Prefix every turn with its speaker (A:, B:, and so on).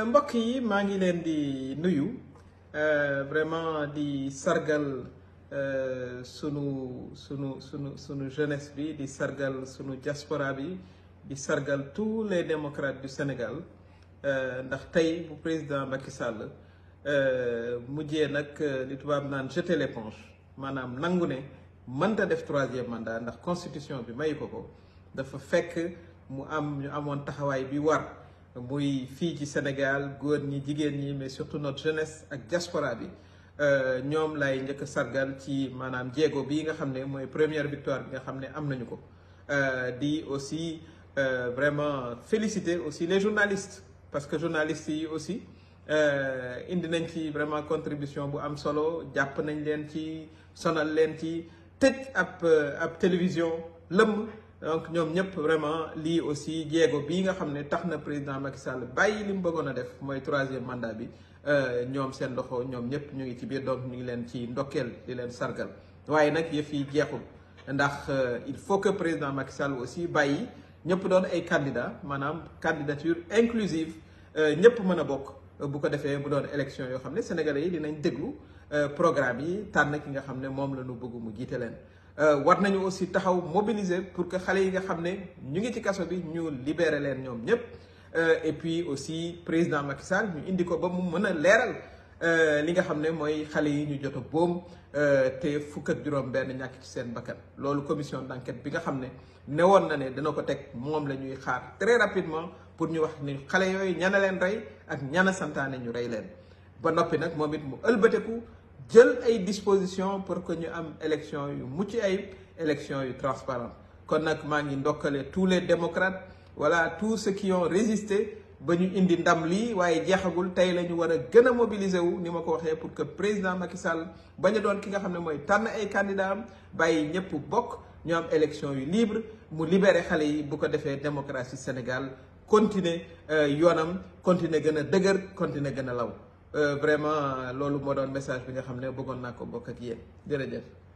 A: Euh, mbokk yi maa ngi leen di nuyu euh, vraiment di sargal euh, sunu sunu sunu sunu jeunesse bi di sargal sunu diaspora bi di sargal tous les démocrates du Sénégal ndax tey bu président Macky Sall mujjee nag li tubaab naan jeter l'éponge maanaam nangu ne mënta def troisième mandat ndax constitution bi mayu ko ko dafa fekk mu am ñu amoon taxawaay bi war. muy fii ci Sénégal góor ñi jigéen ñi mais surtout notre jeunesse ak diaspora bi euh, ñoom lay njëkk sargal ci maanaam jéego bii nga xam ne mooy première victoire bi nga xam ne am nañu ko euh, di aussi euh, vraiment féliciter aussi les journalistes parce que journalistes yi aussi indi nañ ci vraiment contribution bu am solo jàpp nañ leen ci sonal leen ci tëj ab ab télévision lëmm donc ñoom ñëpp vraiment lii aussi jéego bii nga xam ne tax na président Macky Sall bàyyi li mu bëggoon a def mooy troisième mandat bi euh, ñoom seen loxo ñoom ñëpp ñu ngi ci biir donc ñu ngi leen ci ndokkeel di leen sargal waaye nag yëf yi jeexul ndax euh, il faut que président Macky Sall aussi bàyyi ñëpp doon ay candidats maanaam candidature inclusive euh, ñëpp mën a bokk. bu ko defee mu doon élection yoo xam ne sénégalais yi dinañ déglu euh, programme yi tànn ki nga xam ne moom la ñu bëgg mu jiite leen. Euh, war nañu aussi taxaw mobiliser pour que xale yi nga xam ne ñu ngi ci kaso bi ñu libéré leen ñoom ñëpp euh, et puis aussi président Macky Sall ñu indi ko ba mu mën a leeral. li nga xam ne mooy xale yi ñu jot a boom te fukk juróom benn ñàkk ci seen bakkan loolu commission d'enquête bi nga xam ne ne newoon na ne dana ko teg moom la ñuy xaar pour ñu wax ni xale yooyu ñana leen rey ak ñana santaane ñu rey leen ba noppi nag moom it mu ëlbateku jël ay disposition pour que ñu am élection yu mucc ay élection yu transparente kon nag maa ngi ndokkale tous les démocrates voilà tous ceux qui ba ñu indi ndam lii waaye jeexagul tey la ñu war a gën a mobiliser wu ni ma ko waxee pour que président Macky Sall ba a doon ki nga xam ne mooy tànn ay candidat bàyyi ñëpp bokk ñu am élection yu libre mu libéré xale yi bu ko defee démocratie Sénégal continuer euh, yoonam continuer gën a dëgër continuer gën a law euh, vraiment loolu moo doon message bi nga xam ne bëggoon naa ko bokk ak yéen jërëjëf.